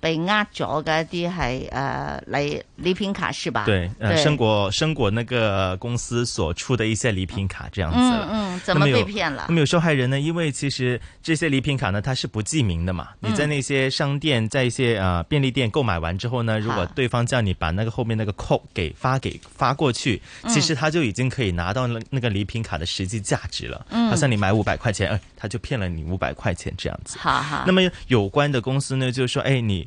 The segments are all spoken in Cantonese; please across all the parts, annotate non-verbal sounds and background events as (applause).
被押走的的呃咗嘅一啲係誒禮禮品卡是吧？對，生果生果那個公司所出的一些禮品卡這樣子。嗯嗯，怎麼被騙了那？那麼有受害人呢？因為其實這些禮品卡呢，它是不記名的嘛。你在那些商店、嗯、在一些啊、呃、便利店購買完之後呢，如果對方叫你把那個後面那個 code 給發給發過去，其實他就已經可以拿到那那個禮品卡的實際價值了。嗯，好像你買五百塊錢、哎，他就騙了你五百塊錢這樣子。好好哈。那麼有關的公司呢，就是說誒、哎、你。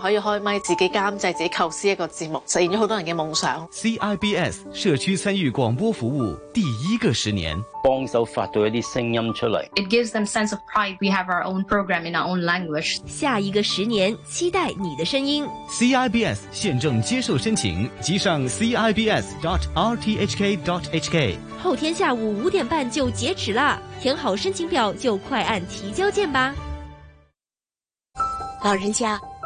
可以開咪，自己監製，自己構思一個節目，實現咗好多人嘅夢想。CIBS 社區參與廣播服務第一個十年，幫手發到一啲聲音出嚟。It gives them sense of pride. We have our own program in our own language. 下一個十年，期待你的聲音。CIBS 現正接受申請，即上 CIBS dot rthk dot hk。後天下午五點半就截止啦，填好申請表就快按提交鍵吧。老人家。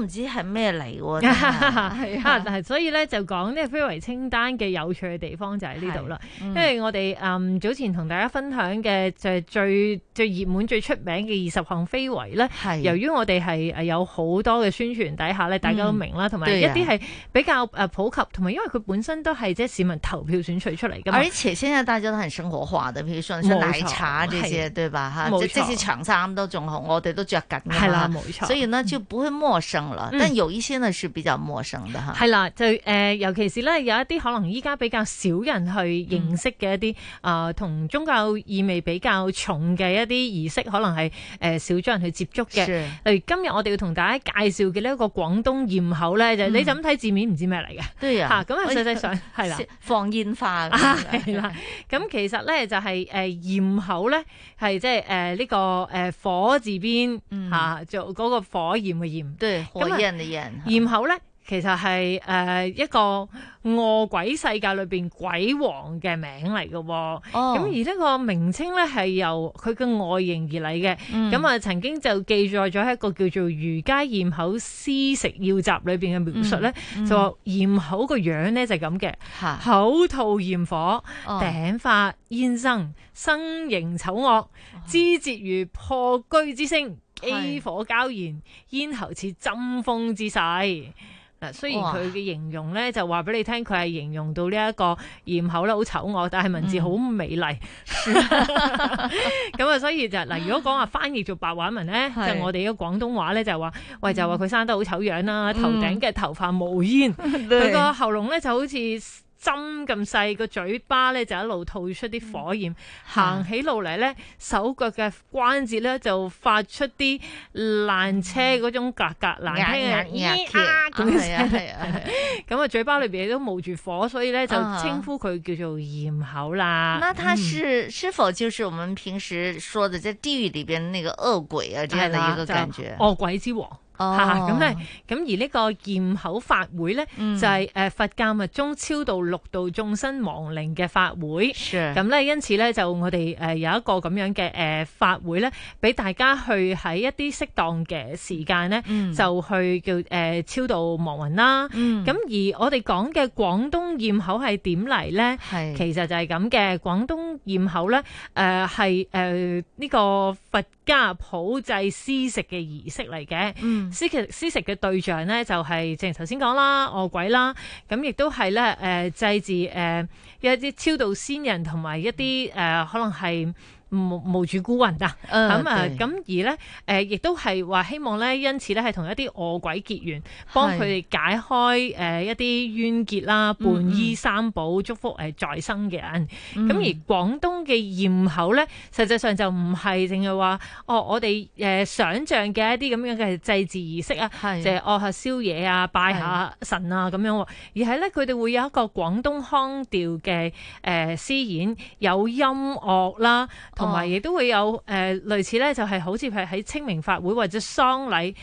唔知係咩嚟喎？係啊，但係所以咧就講呢非遺清單嘅有趣嘅地方就喺呢度啦。因為我哋誒早前同大家分享嘅就係最最熱門、最出名嘅二十項非遺咧。由於我哋係誒有好多嘅宣傳底下咧，大家都明啦。同埋一啲係比較誒普及，同埋因為佢本身都係即係市民投票選取出嚟㗎嘛。阿馳先生帶咗啲係生活化嘅，譬如上奶茶這些，對吧？即使長衫都仲好，我哋都着緊㗎係啦，冇錯。所以呢，就唔會陌生。但有一些呢是比較陌生的哈，係、嗯、啦，就誒、呃，尤其是咧有一啲可能依家比較少人去認識嘅一啲啊，同、嗯呃、宗教意味比較重嘅一啲儀式，可能係誒、呃、少咗人去接觸嘅。是例如今日我哋要同大家介紹嘅呢一個廣東焰口咧，就是、你就咁睇字面唔知咩嚟嘅，吓咁係實際上係啦放煙花係、啊、啦，咁 (laughs) 其實咧就係誒焰口咧係即係誒呢、就是、個誒火字邊吓做嗰個火焰嘅焰。對好人嘅人，啊、焰口咧，其實係誒、呃、是一個惡鬼世界裏邊鬼王嘅名嚟嘅。咁、哦、而呢個名稱咧係由佢嘅外形而嚟嘅。咁、嗯、啊，曾經就記載咗一個叫做《瑜伽焰口施食要集》裏邊嘅描述咧，嗯嗯、就話焰口個樣咧就係咁嘅，哈口吐焰火，頂髮煙生，身形醜惡，肢節如破居之聲，A 火交炎，咽喉似針鋒之勢。嗱，雖然佢嘅形容咧，就話俾你聽，佢係形容到呢一個焰口咧好醜惡，但係文字好美麗。咁啊，所以就嗱，如果講話翻譯做白話文咧，就是 我哋嘅廣東話咧，就話，喂，就話佢生得好醜樣啦，頭頂嘅頭髮冒煙，佢個、嗯、喉嚨咧就好似。針咁細個嘴巴咧就一路吐出啲火焰，嗯、行起路嚟咧手腳嘅關節咧就發出啲爛車嗰種格格難聽嘅咿咿咁嘅聲，咁、嗯嗯嗯嗯嗯、啊嘴巴裏邊都冒住火，所以咧就稱呼佢叫做焰口啦。啊嗯、那他是是否就是我們平時說的在地獄裏邊那個惡鬼啊？這樣的一個感覺，惡、啊、鬼之王。咁咧，咁、哦啊、而呢個焰口法會咧，嗯、就係佛家密宗超度六道眾生亡靈嘅法會。咁咧是，因此咧就我哋有一個咁樣嘅誒法會咧，俾大家去喺一啲適當嘅時間咧，嗯、就去叫超度亡魂啦。咁、嗯、而我哋講嘅廣東焰口係點嚟咧？是其實就係咁嘅。廣東焰口咧，誒係誒呢個佛家普濟施食嘅儀式嚟嘅。嗯施食，施食嘅對象咧，就係正如頭先講啦，餓鬼啦，咁亦都係咧，誒祭祀誒一啲超度先人同埋一啲誒可能係。無主孤魂㗎，咁啊，咁而呢，亦都係話希望呢，因此呢，係同一啲餓鬼結緣，幫佢哋解開一啲冤結啦，半、嗯、依三寶、嗯、祝福再生嘅人。咁、嗯、而廣東嘅焰口呢，實際上就唔係淨係話哦，我哋想像嘅一啲咁樣嘅祭祀儀式啊，即係哦下宵夜啊，拜下神啊咁樣，是而係呢，佢哋會有一個廣東腔調嘅誒、呃、詩演，有音樂啦。同埋亦都會有誒類似咧，就係好似係喺清明法會或者喪禮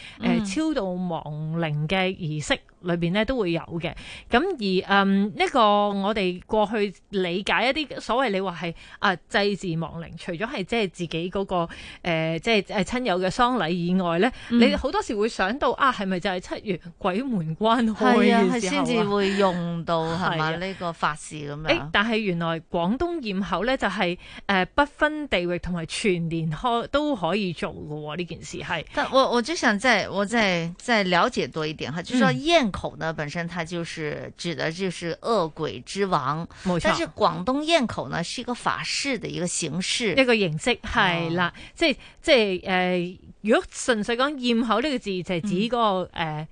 誒超度亡靈嘅儀式。裏邊咧都會有嘅，咁而誒呢、嗯這個我哋過去理解一啲所謂你話係啊祭祀亡靈，除咗係即係自己嗰、那個、呃、即係誒親友嘅喪禮以外咧，嗯、你好多時會想到啊係咪就係七月鬼門關開嘅時候先、啊、至、啊、會用到係嘛呢個法事咁樣？欸、但係原來廣東焰口咧就係、是、誒、呃、不分地域同埋全年都可以做嘅喎呢件事係。但我我就想再我再再了解多一點、嗯、就焰。口呢本身，它就是指的，就是惡鬼之王。冇錯，但是廣東焰口呢，是一個法事的一個形式，一個形式係啦、啊，即係即係誒，如果純粹講焰口呢個字，就係、是、指嗰、那個誒惡、嗯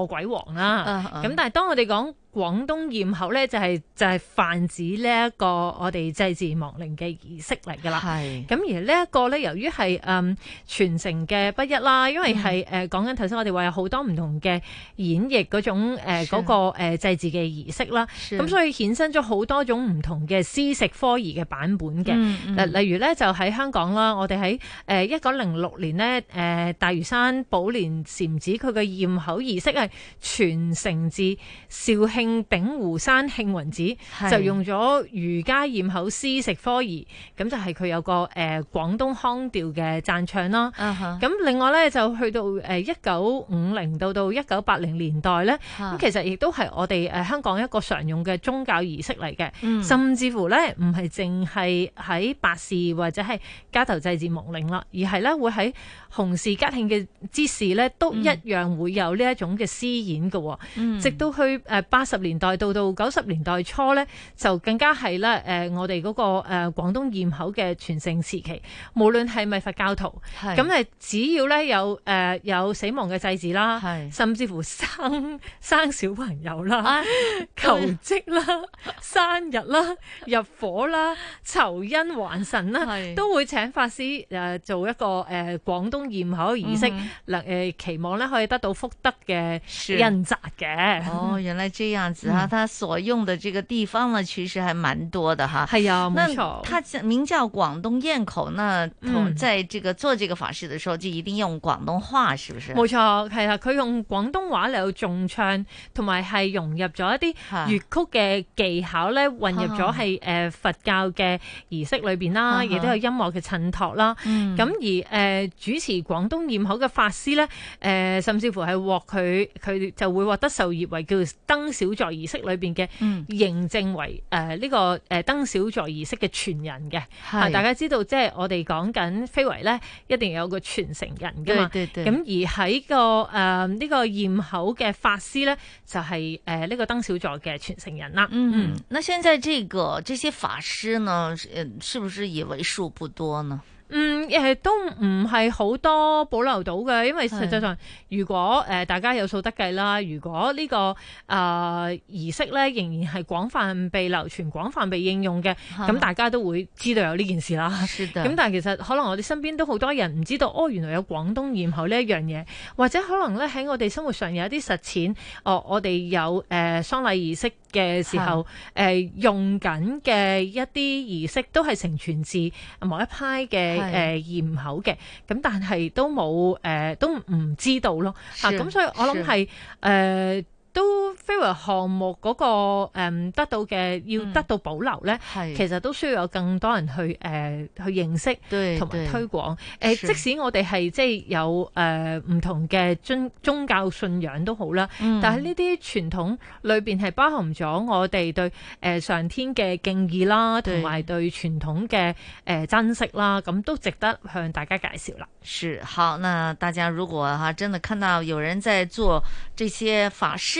呃、鬼王啦、啊。咁、啊嗯、但係當我哋講。廣東焰口咧就係，是，就係，是，泛指呢一個我哋祭祀亡靈嘅儀式嚟㗎啦。係是。咁而呢一個咧，由於係嗯傳承嘅不一啦，因為係誒講緊頭先我哋話有好多唔同嘅演繹嗰種誒個嗰祭祀嘅儀式啦。咁是所以衍生咗好多種唔同嘅施食科儀嘅版本嘅。嗱、嗯嗯，例如咧就喺香港啦，我哋喺誒一九零六年咧誒、呃、大嶼山寶蓮禪寺佢嘅焰口儀式係傳承至肇慶。鼎湖山慶雲寺就用咗瑜伽焰口施食科儀，咁就係佢有個誒廣、呃、東腔調嘅讚唱啦。咁、uh huh. 另外咧就去到誒一九五零到到一九八零年代咧，咁其實亦都係我哋誒香港一個常用嘅宗教儀式嚟嘅，uh huh. 甚至乎咧唔係淨係喺白事或者係街頭祭祀亡靈啦，而係咧會喺紅事吉慶嘅之時咧都一樣會有呢一種嘅詩演嘅，uh huh. 直到去誒八，呃十年代到到九十年代初咧，就更加係咧，誒、呃，我哋嗰、那個誒廣、呃、東焰口嘅傳承時期，無論係咪佛教徒，咁係是只要咧有誒、呃、有死亡嘅祭祀啦，是甚至乎生生小朋友啦、唉求職啦、生日啦、入伙啦、酬恩還神啦，是都會請法師誒、呃、做一個誒廣、呃、東焰口儀式，嗱、嗯嗯，誒、呃、期望咧可以得到福德嘅恩澤嘅。是 (laughs) 哦，原來知啊！樣子啊，嗯、他所用的這個地方呢，其實還蠻多的哈。係啊，冇那錯。他叫名叫廣東焰口呢，同、嗯、在這個做這個法事的時候就一定用廣東話，是不是？冇錯，係啊，佢用廣東話嚟到重唱，同埋係融入咗一啲粵曲嘅技巧咧，啊、混入咗係誒佛教嘅儀式裏邊啦，亦、啊、都有音樂嘅襯托啦。咁、啊嗯、而誒、呃、主持廣東焰口嘅法師呢，誒、呃、甚至乎係獲佢佢就會獲得授業為叫做登小。小座儀式裏邊嘅認證為誒呢、嗯、呃、這個誒、呃、燈小座儀式嘅傳人嘅，係是、啊、大家知道即係、就是、我哋講緊非遺咧，一定要有個傳承人噶嘛。咁而喺、這個誒呢、呃、這個焰口嘅法師咧，就係誒呢個燈小座嘅傳承人啦、嗯。嗯，那現在這個這些法師呢，是是不是也為數不多呢？嗯，亦都唔係好多保留到嘅，因為實際上，的如果誒、呃、大家有數得計啦，如果呢、這個誒、呃、儀式咧仍然係廣泛被流傳、廣泛被應用嘅，咁的大家都會知道有呢件事啦。咁的但係其實可能我哋身邊都好多人唔知道，哦，原來有廣東焰口呢一樣嘢，或者可能咧喺我哋生活上有一啲實踐，哦，我哋有誒、呃、喪禮儀式。嘅時候，誒是、呃、用緊嘅一啲儀式都係成全自某一派嘅誒焰口嘅，咁但係都冇誒、呃，都唔知道咯。嚇是，咁、啊、所以我諗係誒。是呃都非遺項目、嗰個誒、嗯、得到嘅要得到保留咧，嗯、其實都需要有更多人去誒、呃、去認識對同埋推廣誒，即使我哋係即係有誒唔同嘅宗宗教信仰都好啦，嗯、但係呢啲傳統裏邊係包含咗我哋對誒、呃、上天嘅敬意啦，同埋對傳統嘅誒、呃、珍惜啦，咁都值得向大家介紹啦。是好，嗱大家如果吓真係看到有人在做這些法事。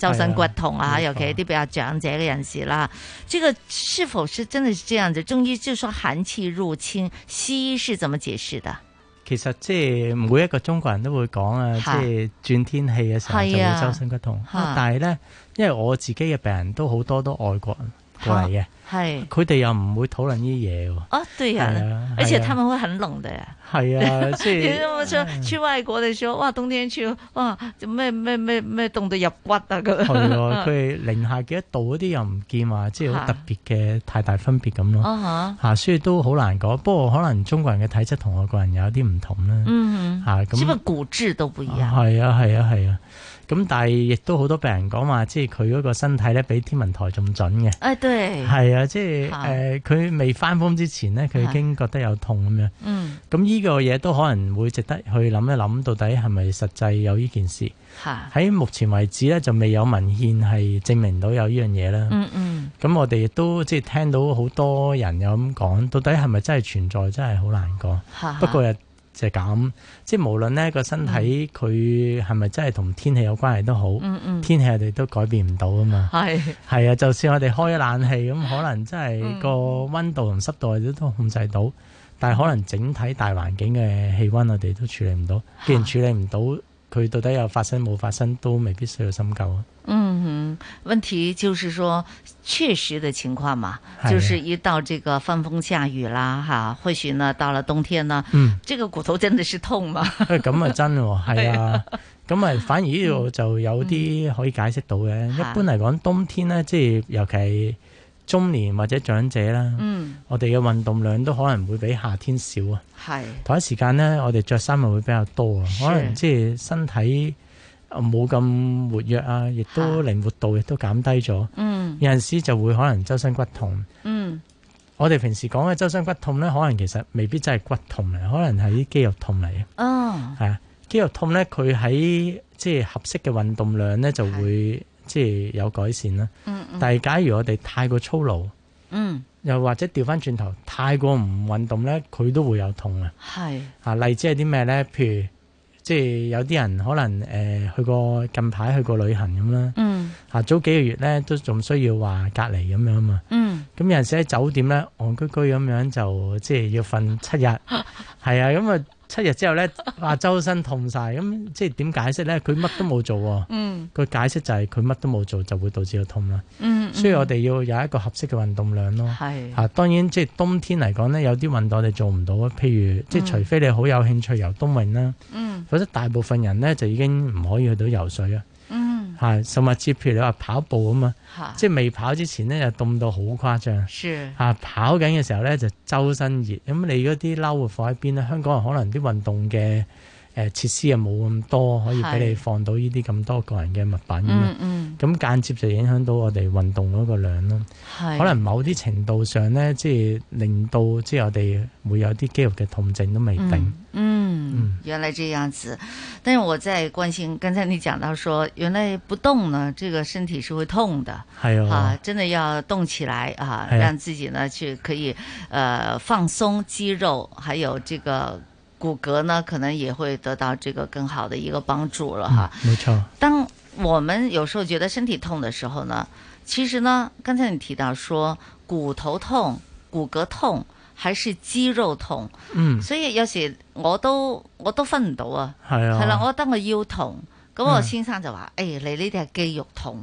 周身骨痛啊，尤、啊、其一啲比較長者嘅人士啦，這個是否是真係是這樣子？中醫就說寒氣入侵，西醫是怎麼解釋的？其實即係每一個中國人都會講啊，即係轉天氣嘅時候就會周身骨痛。是啊、但係呢，因為我自己嘅病人都好多都外國過嚟嘅。係，佢哋是又唔會討論呢啲嘢喎。哦，對呀，啊啊、而且他們會很冷的，係啊，所以 (laughs) 你我出去外國嘅時候，哇，冬天去，哇，咩咩咩咩，凍到入骨啊咁。係佢零下幾多度嗰啲又唔見話，即係好特別嘅，啊、太大分別咁咯。吓、哦哈啊，所以都好難講。不過可能中國人嘅體質同外國人有啲唔同啦。嗯哼。吓咁，啊。甚至骨質都不一樣。係啊，係啊，係啊。咁但係亦都好多病人講話，即係佢嗰個身體咧比天文台仲準嘅。誒、哎，對係啊，即係佢是、呃、未翻風之前咧，佢已經覺得有痛咁樣。嗯是。咁呢個嘢都可能會值得去諗一諗，到底係咪實際有呢件事？喺是目前為止咧，就未有文獻係證明到有呢樣嘢啦。嗯嗯。咁我哋亦都即係聽到好多人有咁講，到底係咪真係存在？真係好難講。是不過就係咁，即係無論咧，個身體佢係咪真係同天氣有關係都好，嗯嗯、天氣我哋都改變唔到啊嘛。係係啊，就算我哋開冷氣咁，可能真係個溫度同濕度我哋都控制到，嗯、但係可能整體大環境嘅氣溫我哋都處理唔到。既然處理唔到。佢到底有發生冇發生都未必需要深究啊。嗯哼，問題就是說確實嘅情況嘛，是啊、就是一到這個翻風下雨啦，哈、啊，或許呢到了冬天呢，嗯，這個骨頭真的是痛嘛？咁 (laughs) 啊、欸、真喎，係、哦、啊，咁啊 (laughs) 反而呢度就有啲可以解釋到嘅。嗯嗯、一般嚟講，冬天呢，即係尤其。中年或者長者啦，我哋嘅運動量都可能會比夏天少啊。同一時間咧，我哋著衫又會比較多啊，可能即係身體冇咁活躍啊，亦都靈活度亦都減低咗。有陣時就會可能周身骨痛。我哋平時講嘅周身骨痛咧，可能其實未必真係骨痛嚟，可能係啲肌肉痛嚟啊。係啊，肌肉痛咧，佢喺即係合適嘅運動量咧就會。即係有改善啦，嗯嗯、但係假如我哋太過粗魯，嗯，又或者調翻轉頭太過唔運動咧，佢、嗯、都會有痛啊。啊是，例子係啲咩咧？譬如即係、就是、有啲人可能、呃、去過近排去過旅行咁啦，嗯，啊早幾個月咧都仲需要話隔離咁樣嘛，嗯，咁有陣時喺酒店咧，戇居居咁樣就即係、就是、要瞓七日，係 (laughs) 啊，咁啊。七日之後咧，話周身痛晒，咁即係點解釋咧？佢乜都冇做喎，佢、嗯、解釋就係佢乜都冇做就會導致到痛啦。嗯嗯、所以我哋要有一個合適嘅運動量咯。嚇是，當然即係冬天嚟講咧，有啲運動我哋做唔到啊。譬如即係、嗯、除非你好有興趣遊冬泳啦，嗯、否則大部分人咧就已經唔可以去到游水啊。係，甚物節？譬如你話跑步咁嘛，是的即係未跑之前咧，就凍到好誇張。係的，啊跑緊嘅時候咧，就周身熱。咁你嗰啲褸會放喺邊咧？香港人可能啲運動嘅。誒、呃、設施又冇咁多可以俾你放到呢啲咁多個人嘅物品咁，咁、嗯嗯、間接就影響到我哋運動嗰個量是可能某啲程度上呢，即係令到即係我哋會有啲肌肉嘅痛症都未定。嗯，嗯嗯原來這樣子。但是我在關心，剛才你講到說原來不動呢，這個身體是會痛的。係、哦、啊，真的要動起來啊，的讓自己呢去可以、呃、放鬆肌肉，還有這個骨骼呢，可能也會得到這個更好的一個幫助了哈。嗯、沒錯。當我們有時候覺得身體痛的時候呢，其實呢，剛才你提到說骨頭痛、骨骼痛還是肌肉痛，嗯，所以有時我都我都分唔到啊。係啊。係 (noise) 啦，還我覺得我腰痛，咁、嗯、我先生就話，誒、哎，你呢啲係肌肉痛。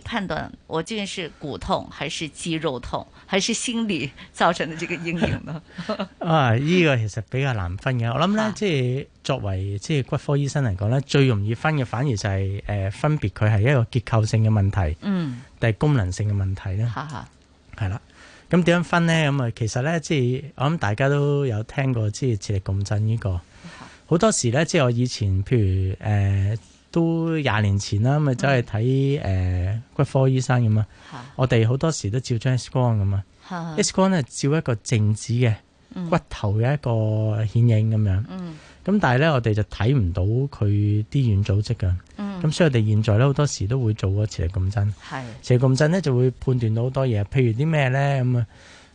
判斷我究竟是骨痛還是肌肉痛，還是心理造成的這個陰影呢？ (laughs) 啊，呢、這個其實比較難分嘅。我諗咧、啊，即係作為即係骨科醫生嚟講咧，最容易分嘅反而就係、是、誒、呃、分別佢係一個結構性嘅問題，嗯，定功能性嘅問題咧。哈吓哈，係啦。咁點樣分呢？咁啊，其實咧，即係我諗大家都有聽過，即係磁力共振呢、這個。好多時咧，即係我以前，譬如誒。呃都廿年前啦，咪走去睇誒、嗯呃、骨科醫生咁啊！的我哋好多時都照張 X 光咁啊！X 光咧照一個靜止嘅、嗯、骨頭嘅一個顯影咁樣。咁、嗯、但係咧，我哋就睇唔到佢啲軟組織嘅。咁、嗯、所以我哋現在咧好多時都會做磁力共振。係的，磁力共振咧就會判斷到好多嘢，譬如啲咩咧咁啊！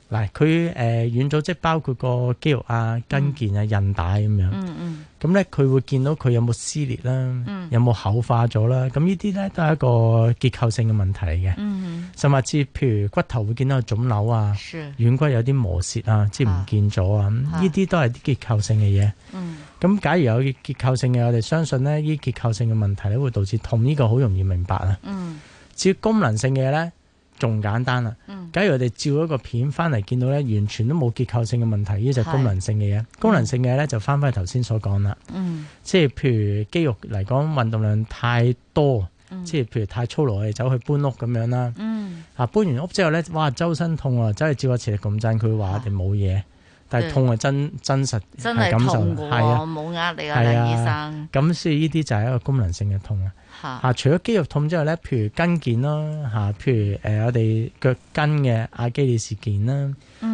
嗱，佢誒、呃、軟組織包括個肌肉啊、筋腱啊、韌、嗯、帶咁樣。嗯嗯。咁咧，佢會見到佢有冇撕裂啦，嗯、有冇厚化咗啦，咁呢啲咧都係一個結構性嘅問題嚟嘅。嗯、哼甚至譬如骨頭會見到腫瘤啊，是軟骨有啲磨蝕啊，即唔見咗啊，咁呢啲都係啲結構性嘅嘢。咁、嗯、假如有結構性嘅，我哋相信咧，呢結構性嘅問題咧會導致痛。呢個好容易明白啦。嗯、至於功能性嘅嘢咧。仲簡單啦，假如我哋照一個片翻嚟，見到咧完全都冇結構性嘅問題，呢就功能性嘅嘢。是功能性嘅嘢咧就翻返頭先所講啦，嗯、即係譬如肌肉嚟講，運動量太多，嗯、即係譬如太粗魯，我哋走去搬屋咁樣啦。啊、嗯、搬完屋之後咧，哇周身痛啊，真係照個磁力共振佢話我哋冇嘢，但係痛係真真實係感受嘅，我冇呃你啊，係、啊、醫生。咁所以呢啲就係一個功能性嘅痛啊。吓、啊，除咗肌肉痛之外咧，譬如筋腱啦，吓，譬如誒、呃、我哋腳跟嘅阿基里事件啦，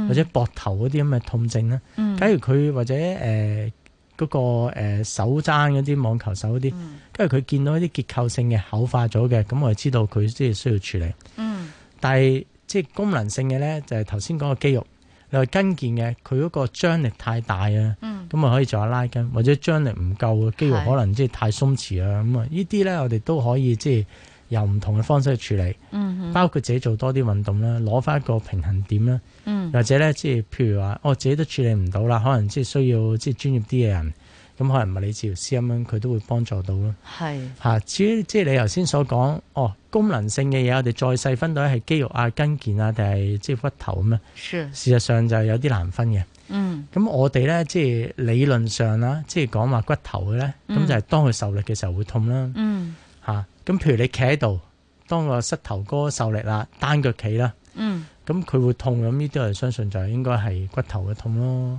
或者膊頭嗰啲咁嘅痛症啦，假如佢或者誒嗰個誒、呃、手踭嗰啲網球手嗰啲，因為佢見到一啲結構性嘅口化咗嘅，咁我係知道佢即係需要處理。嗯，但係即係功能性嘅咧，就係頭先講嘅肌肉。又係跟腱嘅，佢嗰個張力太大啊，咁啊、嗯、可以做下拉筋，或者張力唔夠嘅肌肉可能即係太鬆弛啊，咁啊呢啲咧我哋都可以即係由唔同嘅方式去處理，嗯、哼包括自己做多啲運動啦，攞翻一個平衡點啦，嗯、或者咧即係譬如話，我自己都處理唔到啦，可能即係需要即係專業啲嘅人。咁可能唔係物理治療師咁樣，佢都會幫助到咯是、啊。至於即係你頭先所講，哦，功能性嘅嘢，我哋再細分到係肌肉啊、筋腱啊，定係即係骨頭咁、啊、是事實上就有啲難分嘅。嗯。咁我哋咧，即係理論上啦，即係講話骨頭嘅咧，咁、嗯、就係當佢受力嘅時候會痛啦、啊。嗯。咁、啊、譬如你企喺度，當個膝頭哥受力啦、啊，單腳企啦、啊。嗯。咁佢會痛，咁呢啲我哋相信就應該係骨頭嘅痛咯。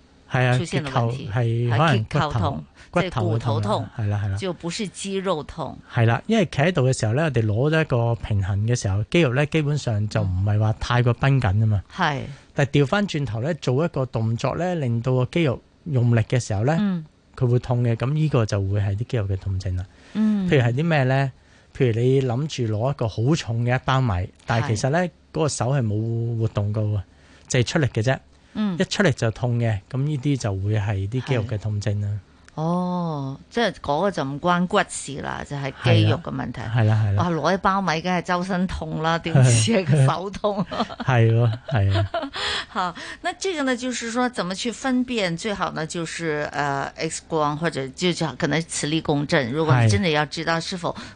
係啊，骨頭係可能骨頭痛，骨頭痛是骨頭痛，係啦係啦，啊、就不是肌肉痛。係啦、啊，因為企喺度嘅時候咧，我哋攞咗一個平衡嘅時候，肌肉咧基本上就唔係話太過繃緊啊嘛。係是，但係調翻轉頭咧，做一個動作咧，令到個肌肉用力嘅時候咧，佢會痛嘅。咁呢、嗯、個就會係啲肌肉嘅痛症啦。嗯，譬如係啲咩咧？譬如你諗住攞一個好重嘅一包米，但係其實咧嗰個手係冇活動㗎喎，淨係出力嘅啫。嗯、一出嚟就痛嘅，咁呢啲就會係啲肌肉嘅痛症啦。哦，即係嗰個就唔關骨事啦，就係、是、肌肉嘅問題。係啦係啦，我攞、啊啊、一包米，梗係周身痛啦，點知係個手痛。係咯係啊，吓，那這個呢，就是說，怎麼去分辨最好呢？就是，誒、呃、X 光或者就就可能磁力共振。如果你真的要知道是否，是啊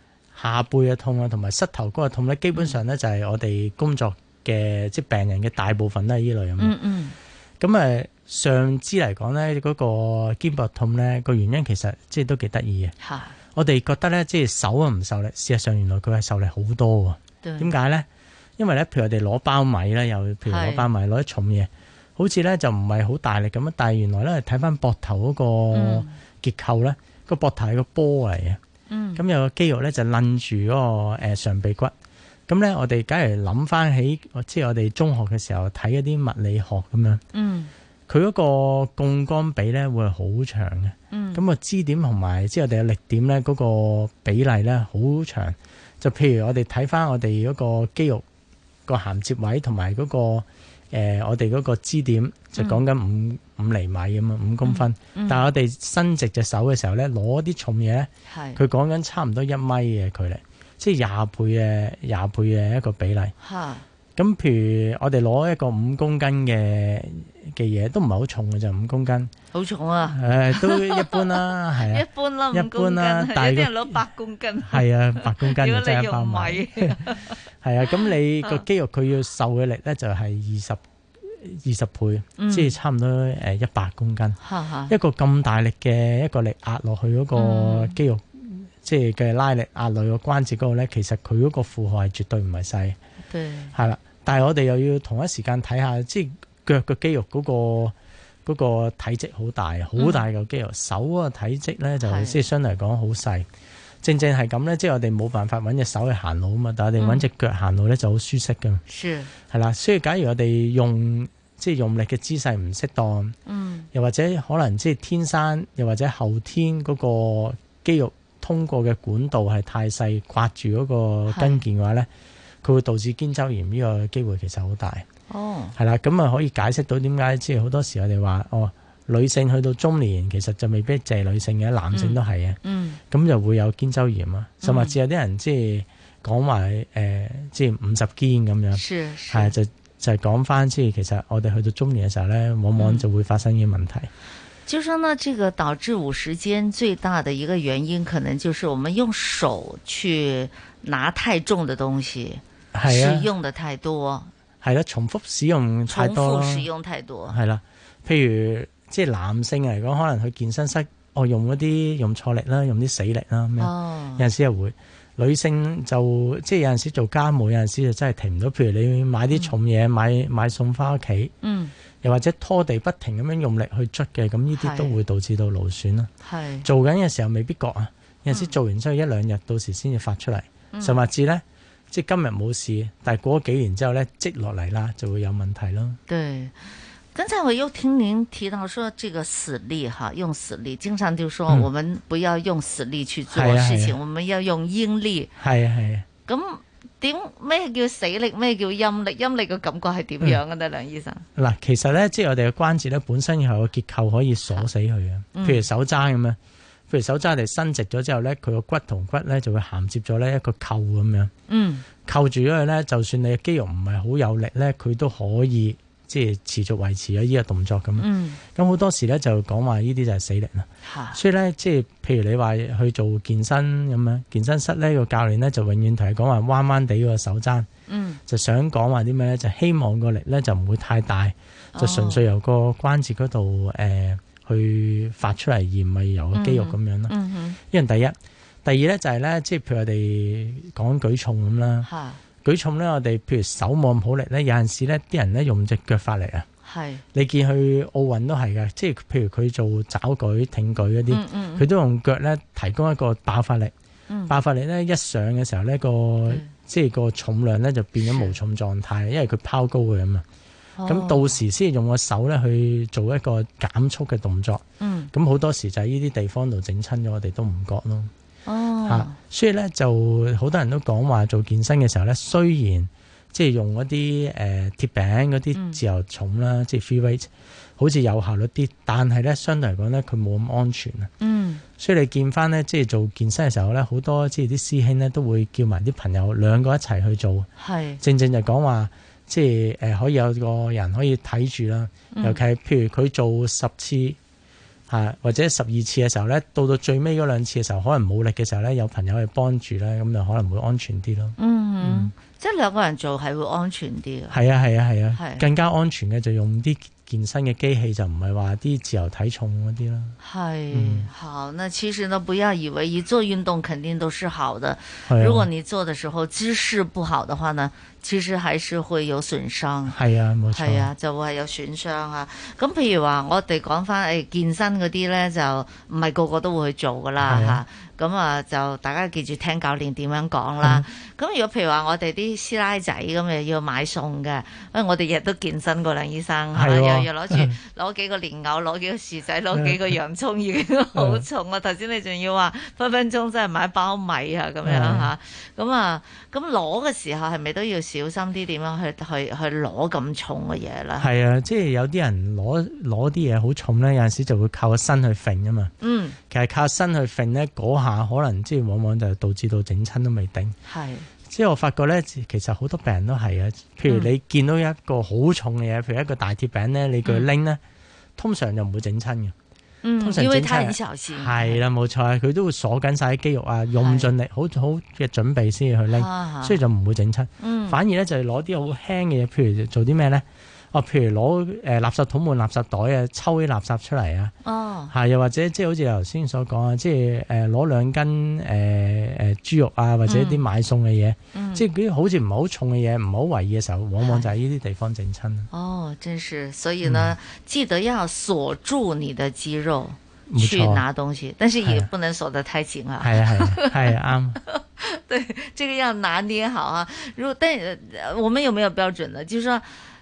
下背嘅痛啊，同埋膝頭哥啊痛咧，基本上咧就係我哋工作嘅即係病人嘅大部分啦，依類咁。嗯嗯。咁誒，上肢嚟講咧，嗰個肩膊痛咧個原因其實即係都幾得意嘅。係是。我哋覺得咧，即係手啊唔受力，事實上原來佢係受力好多。點解咧？因為咧，譬如我哋攞包米啦，又譬如攞包米攞啲是重嘢，好似咧就唔係好大力咁啊。但係原來咧睇翻膊頭嗰個結構咧，嗯、個膊頭係個波嚟嘅。咁、嗯、有個肌肉咧就攆住嗰、那個、呃、上臂骨，咁咧我哋假如諗翻起，即、就、係、是、我哋中學嘅時候睇一啲物理學咁樣，佢嗰、嗯、個槓桿比咧會好長嘅，咁、嗯、個支點同埋即係我哋嘅力點咧嗰個比例咧好長，就譬如我哋睇翻我哋嗰個肌肉、那個銜接位同埋嗰個。呃、我哋嗰個支點就講緊五五厘米咁，五公分。嗯嗯、但係我哋伸直隻手嘅時候咧，攞啲重嘢，佢講緊差唔多一米嘅距離，即係廿倍嘅廿倍嘅一個比例。係哈，咁譬如我哋攞一個五公斤嘅。嘅嘢都唔係好重嘅，就五公斤。好重啊！誒，都一般啦，係啊，一般啦，五公斤。但係啲人攞百公斤。係啊，百公斤就真係一百萬。係啊，咁你個肌肉佢要受嘅力咧，就係二十二十倍，即係差唔多誒一百公斤。一個咁大力嘅一個力壓落去嗰個肌肉，即係嘅拉力壓落去個關節嗰度咧，其實佢嗰個負荷係絕對唔係細。對。係啦，但係我哋又要同一時間睇下，即係。腳個肌肉嗰、那個嗰、那個體積好大，好大個肌肉。嗯、手個體積咧就，即係相對嚟講好細。正正係咁咧，即、就、係、是、我哋冇辦法揾隻手去行路啊嘛。但係我哋揾隻腳行路咧就好舒適噶。係啦、嗯是，所以假如我哋用即係、就是、用力嘅姿勢唔適當，嗯，又或者可能即係天生，又或者後天嗰個肌肉通過嘅管道係太細，刮住嗰個筋腱嘅話咧，佢是會導致肩周炎呢個機會其實好大。哦，係啦，咁啊可以解釋到點解即係好多時我哋話哦，女性去到中年其實就未必淨係女性嘅，男性都係啊、嗯。嗯，咁就會有肩周炎啊，嗯、甚至有啲人即係講埋誒，即、呃、係五十肩咁樣。是係就就係講翻即係其實我哋去到中年嘅時候咧，往往就會發生呢個問題。嗯、就說呢，這個導致五十肩最大嘅一個原因，可能就是我們用手去拿太重嘅東西，是用得太多。係啦，重複使用太多。重複使用太多。係啦，譬如即係男性嚟講，可能去健身室，我用嗰啲用錯力啦，用啲死力啦，咁樣。哦。有陣時又會，女性就即係有陣時做家務，有陣時就真係停唔到。譬如你買啲重嘢，嗯，買買餸翻屋企。嗯。又或者拖地，不停咁樣用力去捽嘅，咁呢啲都會導致到勞損啦。係是。嗯、做緊嘅時候未必覺啊，有陣時做完之後一兩日，到時先至發出嚟。甚至咧。嗯即係今日冇事，但係過咗幾年之後咧，積落嚟啦，就會有問題咯。對，剛才我又聽您提到說，這個死力哈，用死力，經常就說我們不要用死力去做事情，嗯啊啊、我們要用陰力。係啊係啊。咁點咩叫死力？咩叫陰力？陰力嘅感覺係點樣嘅咧，嗯、梁醫生？嗱，其實咧，即係我哋嘅關節咧，本身有個結構可以鎖死佢嘅，嗯、譬如手踭啊。譬如手踭你伸直咗之後咧，佢個骨同骨咧就會銜接咗呢一個扣咁樣，嗯，扣住咗佢咧，就算你肌肉唔係好有力咧，佢都可以即係、就是、持續維持咗呢個動作咁。嗯，咁好多時咧就講話呢啲就係死力啦。吓、啊，所以咧即係譬如你話去做健身咁樣，健身室咧個教練咧就永遠同佢講話彎彎地個手踭，嗯，就想講話啲咩咧，就希望個力咧就唔會太大，就純粹由個關節嗰度誒。哦去發出嚟而唔係由肌肉咁樣咯。因為、嗯嗯、第一，第二咧就係、是、咧，即係譬如我哋講舉重咁啦。的舉重咧，我哋譬如手冇咁好力咧，有陣時咧啲人咧用隻腳發力啊。係的你見去奧運都係嘅，即係譬如佢做抓舉、挺舉嗰啲，佢、嗯嗯、都用腳咧提供一個爆發力。嗯、爆發力咧一上嘅時候咧，個即係個重量咧就變咗無重狀態，的因為佢拋高嘅咁啊。咁到時先用個手咧去做一個減速嘅動作，嗯、咁好多時就喺呢啲地方度整親咗，我哋都唔覺咯。嚇、嗯啊，所以咧就好多人都講話做健身嘅時候咧，雖然即係用嗰啲誒鐵餅嗰啲自由重啦，嗯、即係 free weight，好似有效率啲，但係咧相對嚟講咧，佢冇咁安全啊。嗯，所以你見翻咧，即係做健身嘅時候咧，好多即係啲師兄咧都會叫埋啲朋友兩個一齊去做，是正正就講話。即係誒、呃，可以有個人可以睇住啦。尤其係譬如佢做十次、嗯啊、或者十二次嘅時候咧，到到最尾嗰兩次嘅時候，可能冇力嘅時候咧，有朋友去幫住咧，咁就可能會安全啲咯。嗯，哼嗯，即係兩個人做係會安全啲嘅。係啊，係啊，係啊，係、啊、更加安全嘅就用啲健身嘅機器，就唔係話啲自由體重嗰啲啦。係是、嗯、好，那其實呢，不要以為一做運動肯定都是好嘅。啊、如果你做嘅時候姿勢不好嘅話呢？次次係會有損傷，係啊，冇錯，係啊，就會係有損傷啊。咁譬如話，我哋講翻誒健身嗰啲咧，就唔係個個都會去做噶啦嚇。咁啊，啊，就大家記住聽教練點樣講啦。咁、啊、如果譬如話、哎，我哋啲師奶仔咁又要買餸嘅，因為我哋日都健身噶啦，梁醫生，又要攞住攞幾個蓮藕，攞幾個薯仔，攞幾個洋葱、啊、已經好重啊。頭先你仲要話分分鐘真係買包米啊咁樣嚇。咁啊，咁攞嘅時候係咪都要？小心啲，點樣去去去攞咁重嘅嘢啦？係啊，即係有啲人攞攞啲嘢好重咧，有陣時就會靠個身去揈啊嘛。嗯，其實靠身去揈咧，嗰下可能即係往往就導致到整親都未定。係是，即係我發覺咧，其實好多病人都係啊。譬如你見到一個好重嘅嘢，譬如一個大鐵餅咧，你叫佢拎咧，嗯、通常就唔會整親嘅。通常整親，係啦冇錯，佢都會鎖緊晒啲肌肉啊，用盡力，的好好嘅準備先至去拎，所以就唔會整親。啊啊、反而咧就係攞啲好輕嘅嘢，譬如做啲咩咧？哦，譬如攞誒、呃、垃圾桶換垃圾袋啊，抽啲垃圾出嚟啊，哦，係又或者即係好似頭先所講啊，即係誒攞兩斤誒誒豬肉啊，或者啲買餸嘅嘢，嗯、即係好似唔好重嘅嘢，唔好為意嘅時候，往往就喺呢啲地方整親。哦，真是，所以呢，嗯、記得要鎖住你嘅肌肉去拿東西，錯但是也不能鎖得太緊啦、啊。係係，係啱。啊啊啊、 (laughs) 對，這個要拿捏好啊。如果但、呃、我們有沒有標準呢？就是話。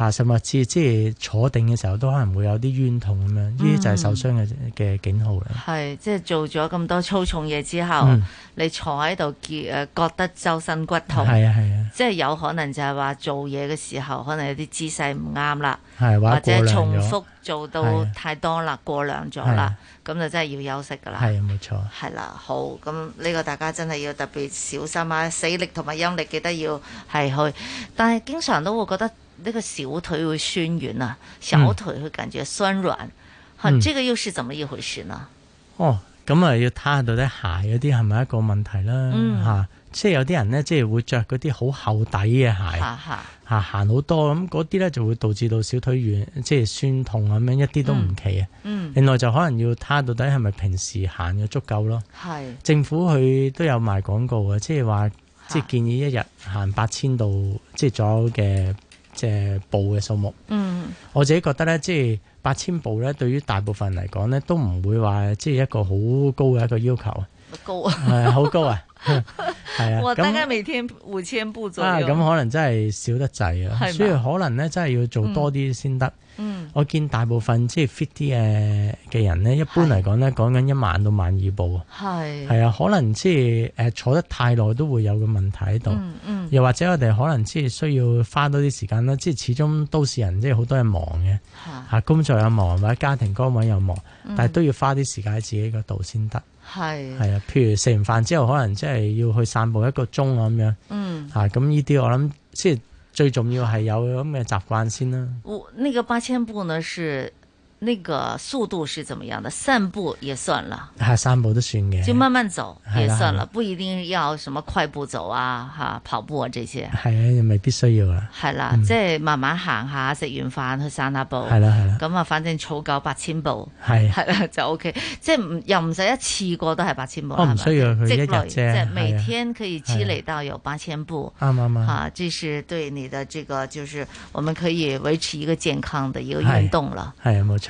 啊！其實即係坐定嘅時候，都可能會有啲冤痛咁樣，呢啲就係受傷嘅嘅、嗯、警號啦。係即係做咗咁多粗重嘢之後，嗯、你坐喺度結誒，覺得周身骨痛。係啊係啊，即係有可能就係話做嘢嘅時候，可能有啲姿勢唔啱啦，或者，或者重複做到太多啦，的過量咗啦，咁的就真係要休息噶啦。係啊，冇錯。係啦，好，咁呢個大家真係要特別小心啊！死力同埋陰力記得要係去，但係經常都會覺得。呢個小腿會痠軟啊，小腿會感覺痠軟，吓、嗯，這個又是怎麼一回事呢？哦，咁、嗯、啊，要睇下到底鞋嗰啲係咪一個問題啦，吓，即係有啲人咧，即係會着嗰啲好厚底嘅鞋，吓、嗯嗯、行好多咁嗰啲咧就會導致到小腿軟，即係酸痛咁樣，一啲都唔奇啊、嗯。嗯，另外就可能要睇下到底係咪平時行嘅足夠咯。係、嗯，嗯、政府佢都有賣廣告嘅，即係話，嗯、即係建議一日行八千度，即係左右嘅。即係步嘅數目，嗯、我自己覺得咧，即係八千步咧，對於大部分人嚟講咧，都唔會話即係一個好高嘅一個要求啊，高啊，係啊，好高啊。係 (laughs) 啊，我大概每天五千步左右。咁、啊啊、可能真係少得滯啊，所以吧可能咧真係要做多啲先得。嗯，我見大部分即係、就是、fit 啲誒嘅人咧，一般嚟講咧，講緊是一萬到萬二步啊。係係啊，可能即係誒坐得太耐都會有個問題喺度。嗯嗯、又或者我哋可能即係、就是、需要花多啲時間啦，即係始終都市人即係好多人忙嘅。吓、啊、工作又忙，或者家庭崗位又忙，但係都要花啲時間喺自己個度先得。係，係啊！譬如食完飯之後，可能即係要去散步一個鐘咁樣，吓，咁呢啲我諗，即係最重要係有咁嘅習慣先啦、啊。我呢、呢個八千步呢是。那個速度是怎麼樣的？散步也算了，吓散步都算嘅，就慢慢走也算了，不一定要什麼快步走啊，吓跑步啊這些，係啊，唔係必須要啊。係啦，即係慢慢行下，食完飯去散下步，係啦係啦，咁啊，反正儲夠八千步，係係啦就 OK，即係又唔使一次過都係八千步啦，唔需要佢一日啫，即係每天佢累積到有八千步，啱啱啊，吓，即係對你的這個就是我們可以維持一個健康的一個運動啦，係冇錯。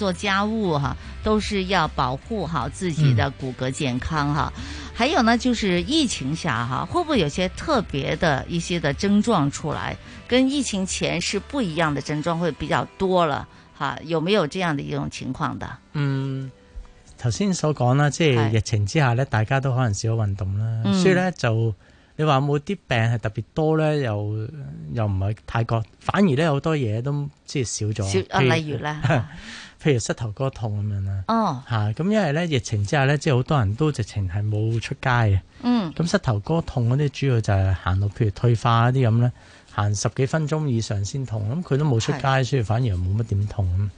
做家務哈，都是要保護好自己的骨骼健康哈。嗯、還有呢，就是疫情下哈，會不會有些特別的一些的症狀出來，跟疫情前是不一樣的症狀，會比較多了哈、啊？有沒有這樣的一種情況的？嗯，頭先所講啦，即、就、係、是、疫情之下咧，是大家都可能少咗運動啦，嗯、所以呢，就你話冇啲病係特別多呢，又又唔係太過，反而呢，好多嘢都即係少咗是以、啊。例如呢。 (laughs) 譬如膝頭哥痛咁樣啦，吓咁、哦、因為咧疫情之下咧，即係好多人都直情係冇出街嘅。咁、嗯、膝頭哥痛嗰啲主要就係行路，譬如退化嗰啲咁咧，行十幾分鐘以上先痛，咁佢都冇出街，的所以反而冇乜點痛。